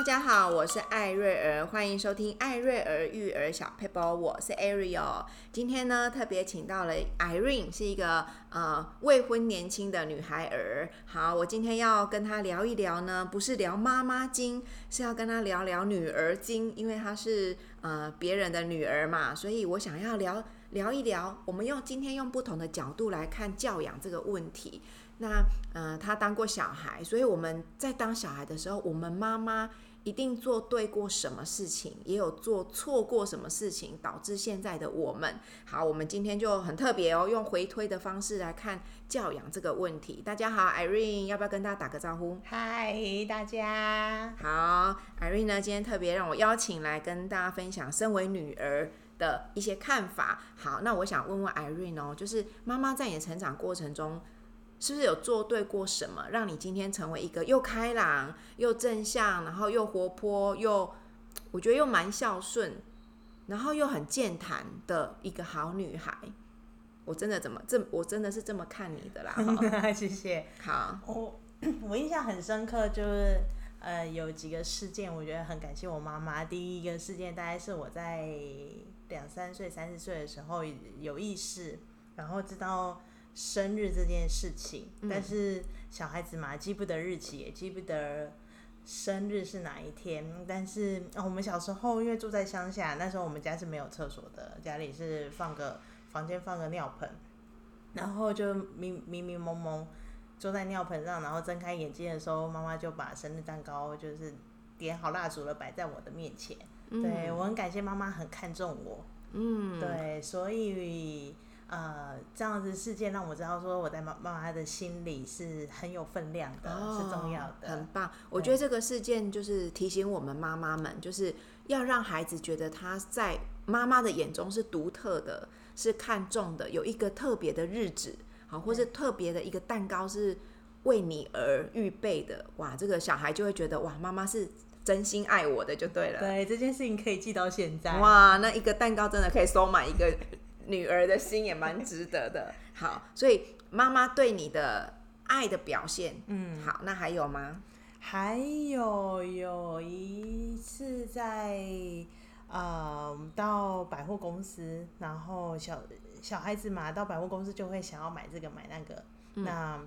大家好，我是艾瑞兒，歡迎收聽艾瑞兒育兒小佩波，我是 Ariel。今天呢特別請到了 Irene，是一個呃未婚年輕的女孩兒。好，我今天要跟她聊一聊呢，不是聊媽媽經，是要跟她聊聊女兒經，因為她是呃別人的女兒嘛，所以我想要聊聊一聊。我們用今天用不同的角度來看教養這個問題。那呃，她當過小孩，所以我們在當小孩的時候，我們媽媽。一定做對過什麼事情，也有做錯過什麼事情，導致現在的我們。好，我們今天就很特別哦，用回推的方式來看教養這個問題。大家好，Irene，要不要跟大家打個招呼？嗨，大家好，Irene 呢，今天特別讓我邀請來跟大家分享身為女兒的一些看法。好，那我想問問 Irene 哦，就是媽媽在你的成長過程中。是不是有做對過什麼，讓你今天成為一個又開朗又正向，然後又活潑又，我覺得又蠻孝順，然後又很健談的一個好女孩？我真的怎麼這我真的是這麼看你的啦。好 謝謝。好，我、oh, 我印象很深刻，就是呃有幾個事件，我覺得很感謝我媽媽。第一個事件大概是我在兩三歲、三四歲的時候有意識，然後知道，生日這件事情，嗯、但是小孩子嘛，記不得日期也記不得生日是哪一天。但是我們小時候因為住在鄉下，那時候我們家是沒有廁所的，家裡是放個房間放個尿盆，然後就迷迷迷蒙蒙坐在尿盆上，然後睜開眼睛的時候，媽媽就把生日蛋糕就是點好蠟燭了，擺在我的面前。嗯、對，我很感謝媽媽很看重我。嗯，對，所以。呃，這樣子事件讓我知道，說我在媽媽媽的心裡是很有分量的，oh, 是重要的。很棒，對我覺得這個事件就是提醒我們媽媽們，就是要讓孩子覺得他在媽媽的眼中是獨特的，是看重的，有一個特別的日子，好，或是特別的一個蛋糕是為你而預備的。哇，這個小孩就會覺得，哇，媽媽是真心愛我的，就對了。對，這件事情可以記到現在。哇，那一個蛋糕真的可以收買一個。Okay. 女兒的心也蠻值得的， 好，所以媽媽對你的愛的表現，嗯，好，那還有嗎？還有有一次在嗯、呃，到百貨公司，然後小小孩子嘛，到百貨公司就會想要買這個買那個，嗯、那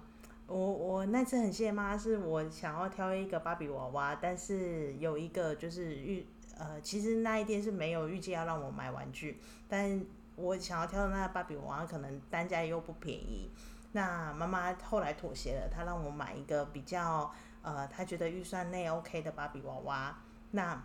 我我那次很謝媽，是我想要挑一個芭比娃娃，但是有一個就是預呃，其實那一天是沒有預計要讓我買玩具，但。我想要挑的那芭比娃娃可能單價又不便宜，那媽媽後來妥協了，她讓我買一個比較呃，她覺得預算內 OK 的芭比娃娃。那，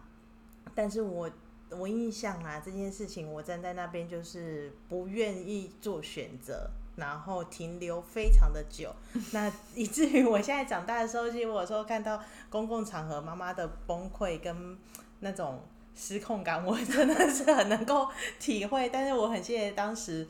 但是我我印象啊，這件事情我站在那邊就是不願意做選擇，然後停留非常的久，那以至於我現在長大的時候，我有時候看到公共場合媽媽的崩潰跟那種。失控感，我真的是很能夠體會，但是我很謝謝當時，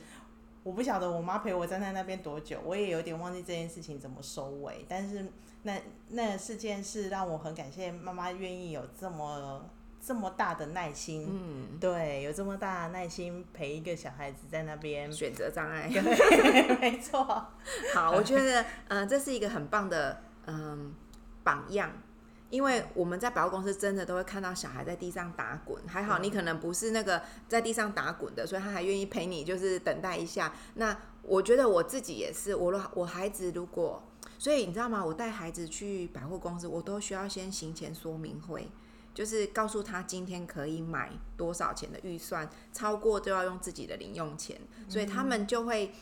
我不曉得我媽陪我站在那邊多久，我也有點忘記這件事情怎麼收尾，但是那那個、事件是讓我很感謝媽媽願意有這麼這麼大的耐心，嗯，對，有這麼大的耐心陪一個小孩子在那邊選擇障礙， 對，沒錯，好，我覺得，嗯、 呃，這是一個很棒的，嗯、呃，榜樣。因為我們在百貨公司真的都會看到小孩在地上打滾，還好你可能不是那個在地上打滾的，所以他還願意陪你，就是等待一下。那我覺得我自己也是，我我孩子如果，所以你知道嗎？我帶孩子去百貨公司，我都需要先行前說明會，就是告訴他今天可以買多少錢的預算，超過就要用自己的零用錢，所以他們就會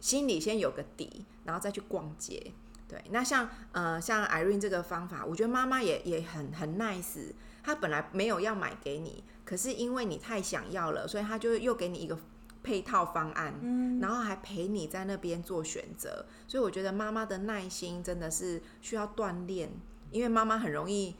心裡先有個底，然後再去逛街。對，那像呃像 Irene 這個方法，我覺得媽媽也也很很 nice。她本來沒有要買給你，可是因為你太想要了，所以她就又給你一個配套方案，嗯，然後還陪你在那邊做選擇。所以我覺得媽媽的耐心真的是需要鍛鍊，因為媽媽很容易。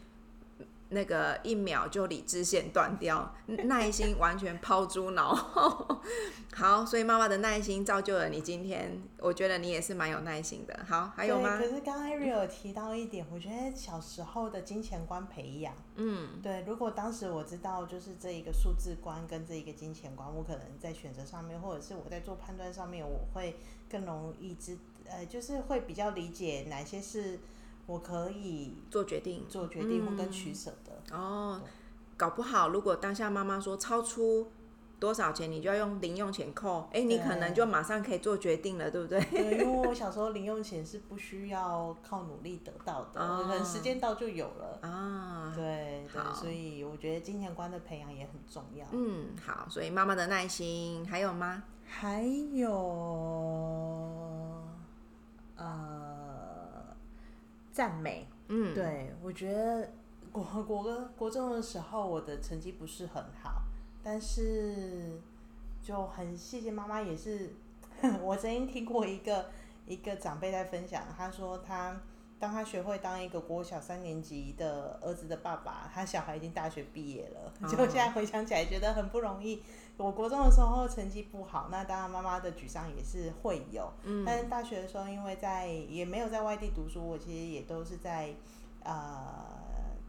那個一秒就理智線斷掉，耐心完全拋諸腦後。 好，所以媽媽的耐心造就了你今天。我覺得你也是蠻有耐心的。好，還有嗎？可是剛剛 a r 提到一點，嗯、我覺得小時候的金錢觀培養，嗯，對。如果當時我知道，就是這一個數字觀跟這一個金錢觀，我可能在選擇上面，或者是我在做判斷上面，我會更容易知，呃，就是會比較理解哪些是我可以做決定、做決定或者取舍。嗯哦，對搞不好如果當下媽媽說超出多少錢，你就要用零用錢扣，哎，你可能就馬上可以做決定了，對，對不對，對？因為我小時候零用錢是不需要靠努力得到的，可能、哦、時間到就有了啊。對對，對好所以我覺得金錢觀的培養也很重要。嗯，好，所以媽媽的耐心還有嗎？還有，呃，讚美。嗯，對，我覺得。國國國中的時候，我的成績不是很好，但是就很謝謝媽媽。也是、 嗯、我曾經聽過一個一個長輩在分享，他說他當他學會當一個國小三年級的兒子的爸爸，他小孩已經大學畢業了，嗯、就現在回想起來覺得很不容易。我國中的時候成績不好，那當然媽媽的沮喪也是會有。嗯、但是大學的時候，因為在也沒有在外地讀書，我其實也都是在呃。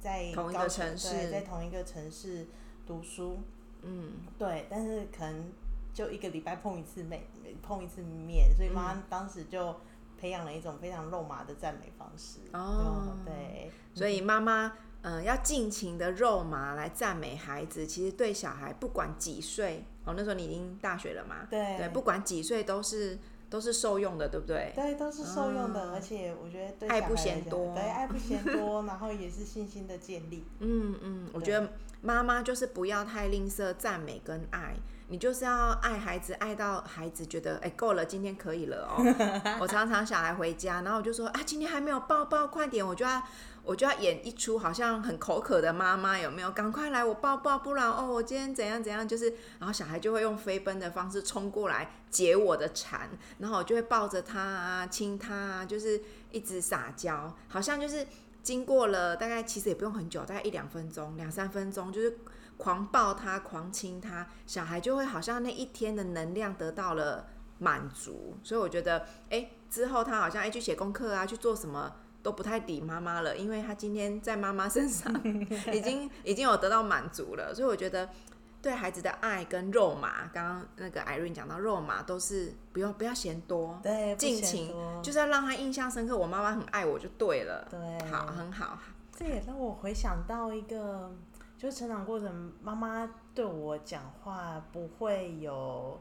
在同一個城市，在同一個城市讀書，嗯，對，但是可能就一個禮拜碰一次面，碰一次面，所以媽媽當時就培養了一種非常肉麻的讚美方式。哦，對，所以媽媽，嗯、呃，要盡情的肉麻來讚美孩子，其實對小孩不管幾歲，哦，那時候你已經大學了嘛，對，對，不管幾歲都是。都是受用的，對不對？對，都是受用的，嗯、而且我覺得對愛不嫌多，對，愛不嫌多， 然後也是信心的建立。嗯嗯，嗯對我覺得媽媽就是不要太吝嗇讚美跟愛，你就是要愛孩子，愛到孩子覺得哎、欸、夠了，今天可以了哦。 我常常小孩回家，然後我就說啊，今天還沒有抱抱，快點，我就要。我就要演一出好像很口渴的媽媽，有沒有？趕快來我抱抱，不然哦，我今天怎樣怎樣，就是，然後小孩就會用飛奔的方式衝過來解我的饞，然後我就會抱着他啊、親他啊，就是一直撒嬌，好像就是經過了大概其實也不用很久，大概一兩分鐘、兩三分鐘，就是狂抱他、狂親他，小孩就會好像那一天的能量得到了滿足，所以我覺得，哎，之後他好像哎去寫功課啊，去做什麼。都不太理媽媽了，因為他今天在媽媽身上已經已經有得到滿足了， 所以我覺得對孩子的愛跟肉麻，剛剛那個 Irene 講到肉麻都是不要不要嫌多，對，盡情就是要讓他印象深刻，我媽媽很愛我就對了，對，好，很好。這也讓我回想到一個，就是成長過程，媽媽對我講話不會有。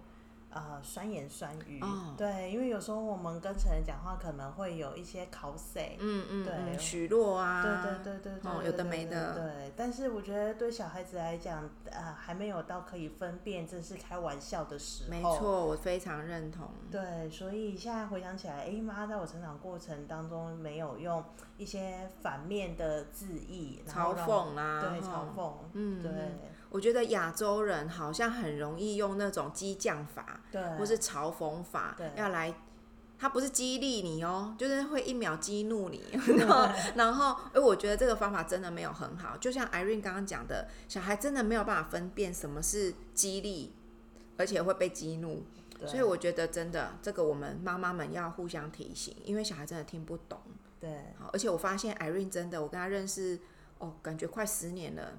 啊、呃，酸言酸語，oh. 對，因為有時候我們跟成人講話可能會有一些口水，嗯嗯，對，許諾啊，對對,對對對對對，哦、有的沒的，對。但是我覺得對小孩子來講，呃，還沒有到可以分辨這是開玩笑的時候。沒錯，我非常認同。對，所以現在回想起來，哎、欸，媽，在我成長過程當中沒有用一些反面的字意，然後嘲諷啊。對，哦、嘲諷，嗯，對。我覺得亞洲人好像很容易用那種激將法，對或是嘲諷法，對要來，他不是激勵你哦，就是會一秒激怒你，對然後，哎，而我覺得這個方法真的沒有很好。就像 Irene 剛剛講的，小孩真的沒有辦法分辨什麼是激勵，而且會被激怒，對所以我覺得真的這個我們媽媽們要互相提醒，因為小孩真的聽不懂，對，好，而且我發現 Irene 真的，我跟她認識，哦，感覺快十年了。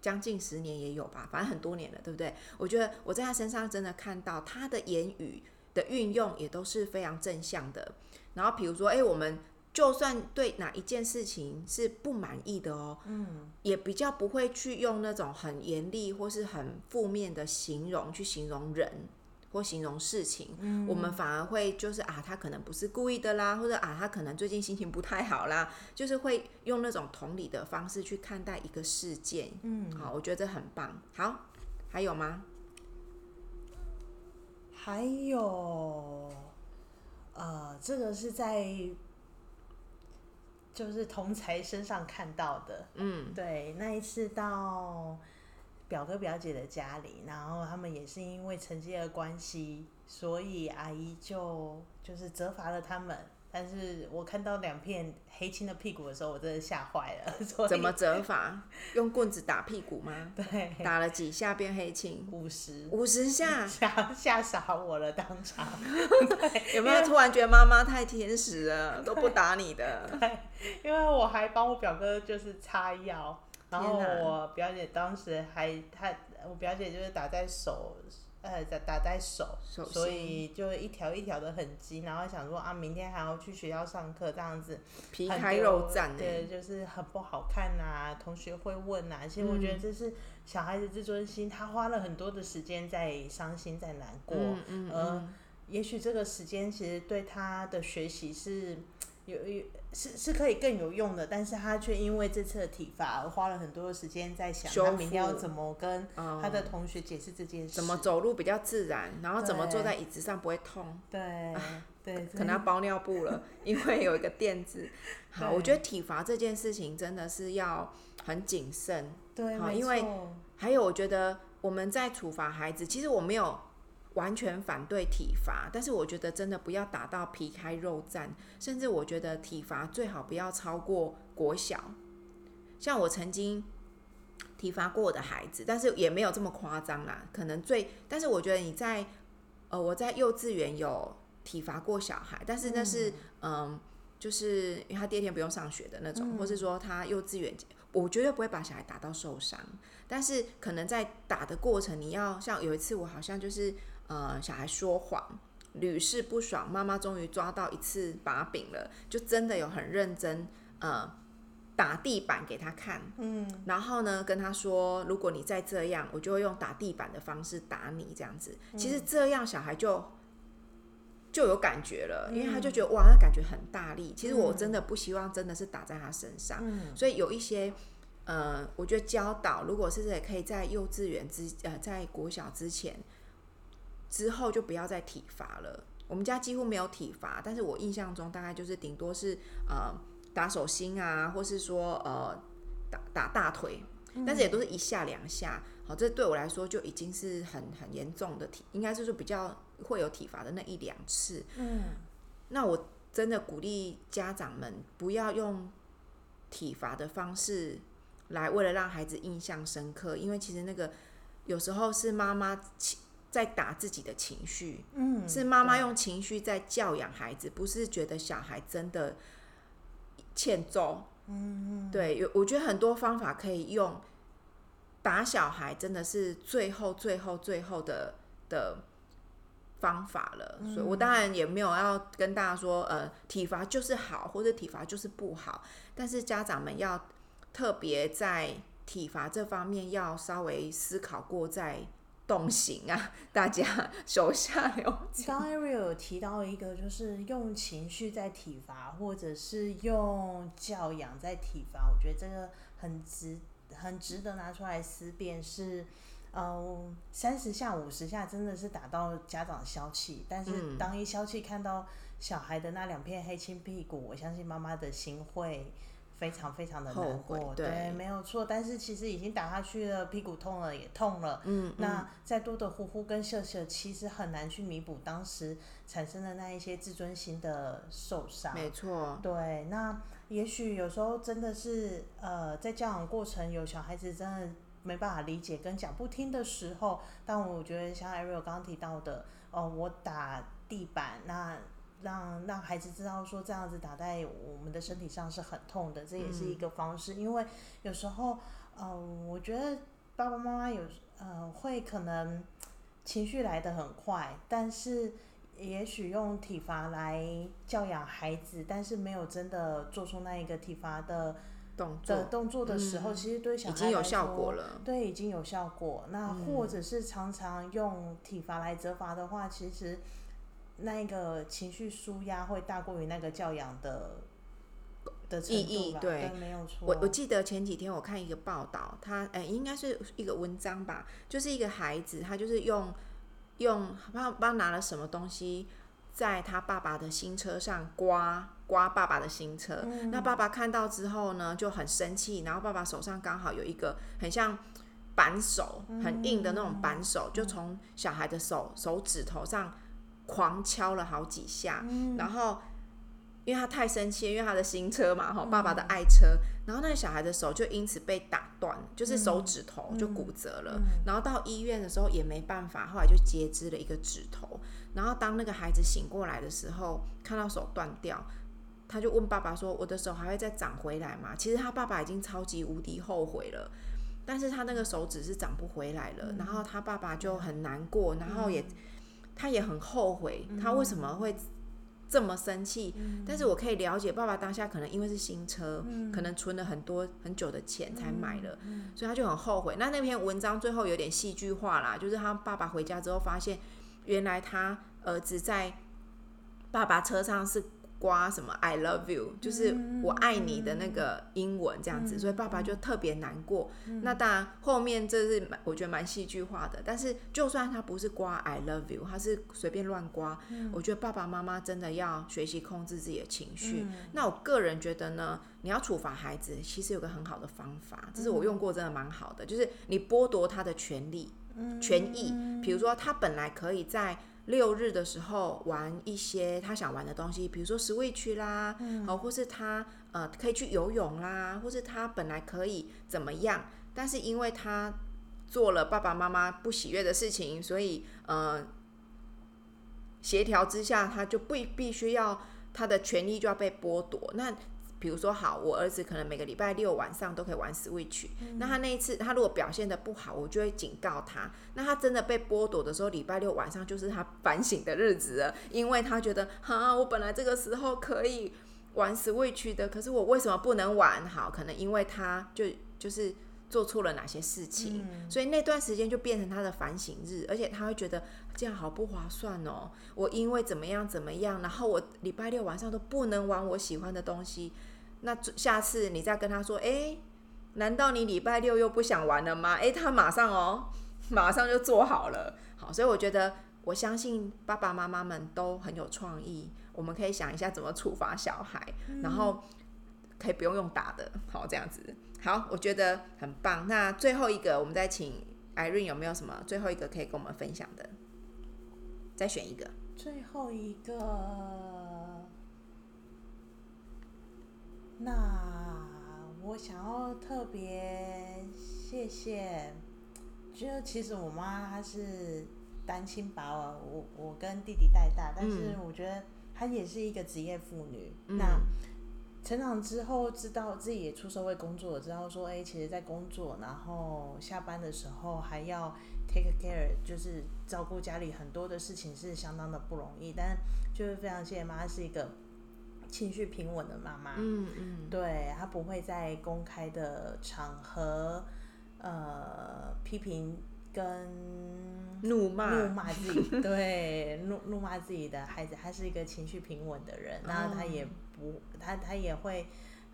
將近十年也有吧，反正很多年了，對不對？我覺得我在他身上真的看到他的言語的運用也都是非常正向的。然後比如說，哎、欸，我們就算對哪一件事情是不滿意的哦，嗯，也比較不會去用那種很嚴厲或是很負面的形容去形容人。或形容事情，嗯、我們反而會就是啊，他可能不是故意的啦，或者啊，他可能最近心情不太好啦，就是會用那種同理的方式去看待一個事件。嗯，好，我覺得這很棒。好，還有嗎？還有，呃，這個是在就是同才身上看到的。嗯，對，那一次到。表哥表姐的家裡，然後他們也是因為成績的關係，所以阿姨就就是責罰了他們。但是我看到兩片黑青的屁股的時候，我真的嚇壞了。怎麼責罰？ 用棍子打屁股嗎？ 對，打了幾下變黑青，五十，五十下，嚇嚇 傻我了。當場， 有沒有突然覺得媽媽太天使了， 對都不打你的？對，因為我還幫我表哥就是擦藥。啊、然後我表姐當時還，她我表姐就是打在手，呃，打打在手，手心所以就一條一條的痕跡，然後想說啊，明天還要去學校上課這樣子，皮開肉綻的。對，就是很不好看吶、啊，同學會問吶、啊，其實我覺得這是小孩子自尊心，嗯、他花了很多的時間在傷心在難過，嗯而、嗯嗯呃、也許這個時間其實對他的學習是有有。是是可以更有用的，但是他卻因為這次的體罰而花了很多的時間在想，明天要怎麼跟他的同學解釋這件事。嗯，怎麼走路比較自然，然後怎麼坐在椅子上不會痛，對，對，對，對，啊，可能要包尿布了， 因為有一個墊子。好，對我覺得體罰這件事情真的是要很謹慎，對，好沒錯因為還有我覺得我們在處罰孩子，其實我沒有。完全反對體罰，但是我覺得真的不要打到皮開肉綻，甚至我覺得體罰最好不要超過國小。像我曾經體罰過的孩子，但是也沒有這麼誇張啦。可能最……但是我覺得你在……呃，我在幼稚園有體罰過小孩，但是那是……嗯、呃，就是因為他第二天不用上學的那種，嗯、或是說他幼稚園，我絕對不會把小孩打到受傷。但是可能在打的過程，你要像有一次我好像就是。呃，小孩說謊屢試不爽，媽媽終於抓到一次把柄了，就真的有很認真呃打地板給他看，嗯，然後呢跟他說，如果你再這樣，我就會用打地板的方式打你這樣子。其實這樣小孩就、嗯、就有感覺了，因為他就覺得、嗯、哇，他感覺很大力。其實我真的不希望真的是打在他身上，嗯、所以有一些呃，我覺得教導如果是可以在幼稚園之呃在國小之前。之後就不要再體罰了。我們家幾乎沒有體罰，但是我印象中大概就是頂多是呃打手心啊，或是說呃打打大腿，但是也都是一下兩下。好。嗯。哦，這對我來說就已經是很很嚴重的體，應該是比較會有體罰的那一兩次。嗯，那我真的鼓勵家長們不要用體罰的方式來為了讓孩子印象深刻，因為其實那個有時候是媽媽。在打自己的情緒，嗯，是媽媽用情緒在教養孩子，對不是覺得小孩真的欠揍，嗯，對，有我覺得很多方法可以用，打小孩真的是最後、最後、最後的的方法了，嗯、所以我當然也沒有要跟大家說，呃，體罰就是好，或者體罰就是不好，但是家長們要特別在體罰這方面要稍微思考過再。動刑啊！大家手下留情。剛剛 Ariel 有提到一個，就是用情緒在體罰，或者是用教養在體罰。我覺得這個很值，很值得拿出來思辨。是，嗯，三十下、五十下，真的是打到家長消氣。但是，當一消氣，看到小孩的那兩片黑青屁股，我相信媽媽的心會。非常非常的難過，對，對，沒有錯。但是其實已經打下去了，屁股痛了也痛了。嗯，嗯，那再多的呼呼跟笑笑，其實很難去彌補當時產生的那一些自尊心的受傷。沒錯，對。那也許有時候真的是，呃，在教養過程有小孩子真的沒辦法理解跟講不聽的時候，但我覺得像 Ariel 剛提到的，哦、呃，我打地板那。讓讓孩子知道說，這樣子打在我們的身體上是很痛的，這也是一個方式。嗯、因為有時候，嗯、呃，我覺得爸爸媽媽有呃會可能情緒來得很快，但是也許用體罰來教養孩子，但是沒有真的做出那一個體罰的動作的動作的時候，嗯、其實對小孩來說已經有效果了。對，已經有效果。那或者是常常用體罰來責罰的話，嗯、其實。那個情緒舒壓會大過於那個教養的的意義，對，我我記得前幾天我看一個報道，他哎、欸，應該是一個文章吧，就是一個孩子，他就是用用幫幫拿了什麼東西，在他爸爸的新車上刮刮爸爸的新車。嗯、那爸爸看到之後呢，就很生氣，然後爸爸手上剛好有一個很像扳手很硬的那種扳手，嗯、就從小孩的手手指頭上。狂敲了好幾下，嗯、然後因為他太生氣，因為他的新車嘛，吼，爸爸的愛車，嗯、然後那個小孩的手就因此被打斷，就是手指頭就骨折了。嗯嗯、然後到醫院的時候也沒辦法，後來就截肢了一個指頭。然後當那個孩子醒過來的時候，看到手斷掉，他就問爸爸說：“我的手還會再長回來嗎？”其實他爸爸已經超級無敵後悔了，但是他那個手指是長不回來了。嗯、然後他爸爸就很難過，嗯、然後也。他也很後悔，他為什麼會這麼生氣？嗯嗯，但是我可以了解，爸爸當下可能因為是新車，嗯嗯嗯，可能存了很多很久的錢才買了。所以他就很後悔。那那篇文章最後有點戲劇化啦，就是他爸爸回家之後發現，原來他兒子在爸爸車上是。刮什麼？I love you，就是我愛你的那個英文這樣子，嗯嗯、所以爸爸就特別難過。嗯、那當然，後面這是我覺得蠻戲劇化的。但是就算他不是刮 I love you，他是隨便亂刮，嗯、我覺得爸爸媽媽真的要學習控制自己的情緒。嗯、那我個人覺得呢，你要處罰孩子，其實有個很好的方法，這是我用過真的蠻好的，嗯、就是你剝奪他的權利、嗯、權益。比如說他本來可以在。六日的時候玩一些他想玩的東西，比如說食味區啦，嗯、或是他呃可以去游泳啦，或是他本來可以怎麼樣，但是因為他做了爸爸媽媽不喜悅的事情，所以呃協調之下，他就不必，必須要他的權利就要被剝奪，那。比如說，好，我兒子可能每個禮拜六晚上都可以玩 Switch。嗯。那他那一次，他如果表現得不好，我就會警告他。那他真的被剝奪的時候，禮拜六晚上就是他反省的日子了，因為他覺得啊，我本來這個時候可以玩 Switch 的，可是我為什麼不能玩？好，可能因為他就就是做錯了哪些事情，嗯、所以那段時間就變成他的反省日，而且他會覺得這樣好不划算哦。我因為怎麼樣怎麼樣，然後我禮拜六晚上都不能玩我喜歡的東西。那下次你再跟他說，哎、欸，難道你禮拜六又不想玩了嗎？哎、欸，他馬上哦，馬上就做好了。好，所以我覺得，我相信爸爸媽媽們都很有創意，我們可以想一下怎麼處罰小孩，嗯、然後可以不用用打的。好，這樣子，好，我覺得很棒。那最後一個，我們再請 Irene 有沒有什麼最後一個可以跟我們分享的？再選一個，最後一個。那我想要特別謝謝，就其實我媽她是單親把我我我跟弟弟帶大，但是我覺得她也是一個職業婦女。嗯。那成長之後知道自己也出社會工作了，知道說哎、欸，其實，在工作然後下班的時候還要 take care，就是照顧家裡很多的事情是相當的不容易，但就是非常謝謝媽是一個。情緒平穩的媽媽，嗯嗯，嗯對，她不會在公開的場合，呃，批評跟怒罵怒罵自己，對 怒怒罵自己的孩子，她是一個情緒平穩的人，然後她也不她她也會。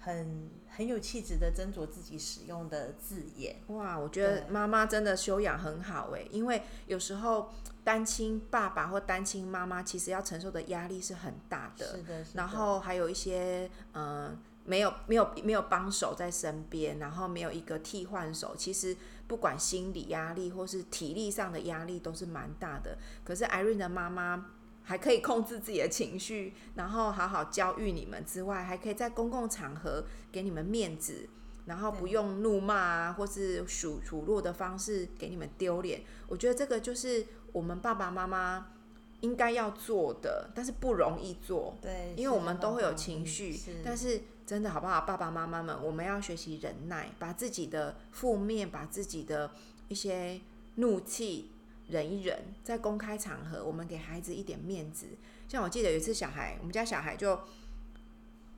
很很有氣質的斟酌自己使用的字眼。哇，我覺得媽媽真的修養很好誒，對因為有時候單親爸爸或單親媽媽其實要承受的壓力是很大的。是的。是的，然後還有一些嗯、呃，沒有沒有沒有幫手在身邊，然後沒有一個替換手，其實不管心理壓力或是體力上的壓力都是蠻大的。可是 Irene 的媽媽。還可以控制自己的情緒，然後好好教育你們之外，還可以在公共場合給你們面子，然後不用怒罵、啊、或是數數落的方式給你們丟臉。我覺得這個就是我們爸爸媽媽應該要做的，但是不容易做。對，因為我們都會有情緒。嗯、是。但是真的好不好，爸爸媽媽們，我們要學習忍耐，把自己的負面，把自己的一些怒氣。忍一忍，在公開場合，我們給孩子一點面子。像我記得有一次，小孩，我們家小孩就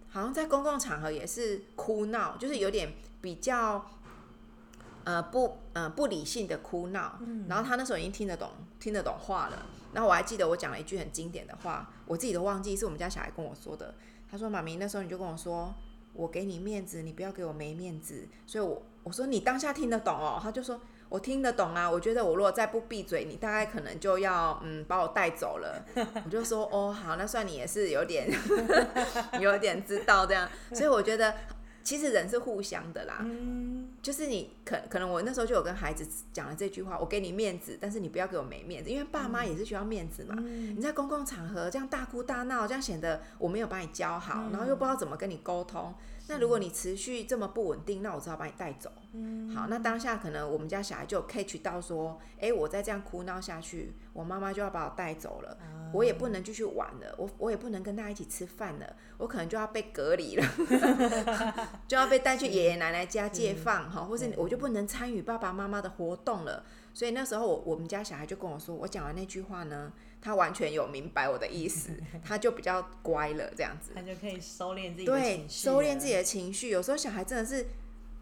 好像在公共場合也是哭鬧，就是有點比較呃不呃不理性的哭鬧。然後他那時候已經聽得懂聽得懂話了。然後我還記得我講了一句很經典的話，我自己都忘記是我們家小孩跟我說的。他說：“媽咪，那時候你就跟我說，我給你面子，你不要給我沒面子。”所以我，我我說你當下聽得懂哦？他就說。我聽得懂啊，我覺得我如果再不閉嘴，你大概可能就要嗯把我帶走了。 我就說哦好，那算你也是有點 有點知道這樣，所以我覺得其實人是互相的啦，嗯、就是你可可能我那時候就有跟孩子講了這句話，我給你面子，但是你不要給我沒面子，因為爸媽也是需要面子嘛。嗯、你在公共場合這樣大哭大鬧，這樣顯得我沒有把你教好，然後又不知道怎麼跟你溝通。嗯那如果你持續這麼不穩定，那我只好把你帶走。嗯，好，那當下可能我們家小孩就 catch 到說，哎，我再這樣哭鬧下去，我媽媽就要把我帶走了。嗯、我也不能繼續玩了，我我也不能跟大家一起吃飯了，我可能就要被隔離了， 就要被帶去爺爺奶奶家寄放。哈、嗯，或是我就不能參與爸爸媽媽的活動了。所以那時候我我們家小孩就跟我說，我講完那句話呢。他完全有明白我的意思，他就比較乖了，這樣子， 他就可以收斂自己對，收斂自己的情緒對。情了有時候小孩真的是，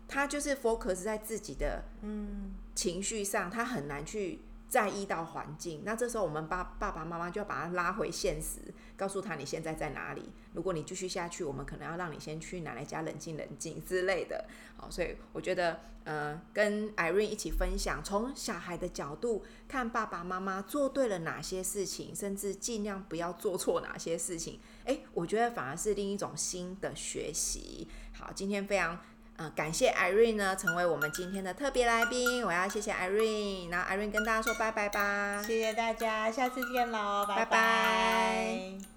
他就是 focus 在自己的嗯情緒上，嗯、他很難去。在意到環境，那這時候我們爸爸爸媽媽就要把他拉回現實，告訴他你現在在哪裡。如果你繼續下去，我們可能要讓你先去奶奶家冷靜冷靜之類的。好，所以我覺得，呃，跟 Irene 一起分享，從小孩的角度看爸爸媽媽做對了哪些事情，甚至盡量不要做錯哪些事情。誒、欸，我覺得反而是另一種新的學習。好，今天非常。嗯、呃，感謝 Irene 呢，成為我們今天的特別來賓。我要謝謝 Irene，然後 Irene 跟大家說拜拜吧。謝謝大家，下次見嘍，拜拜。拜拜。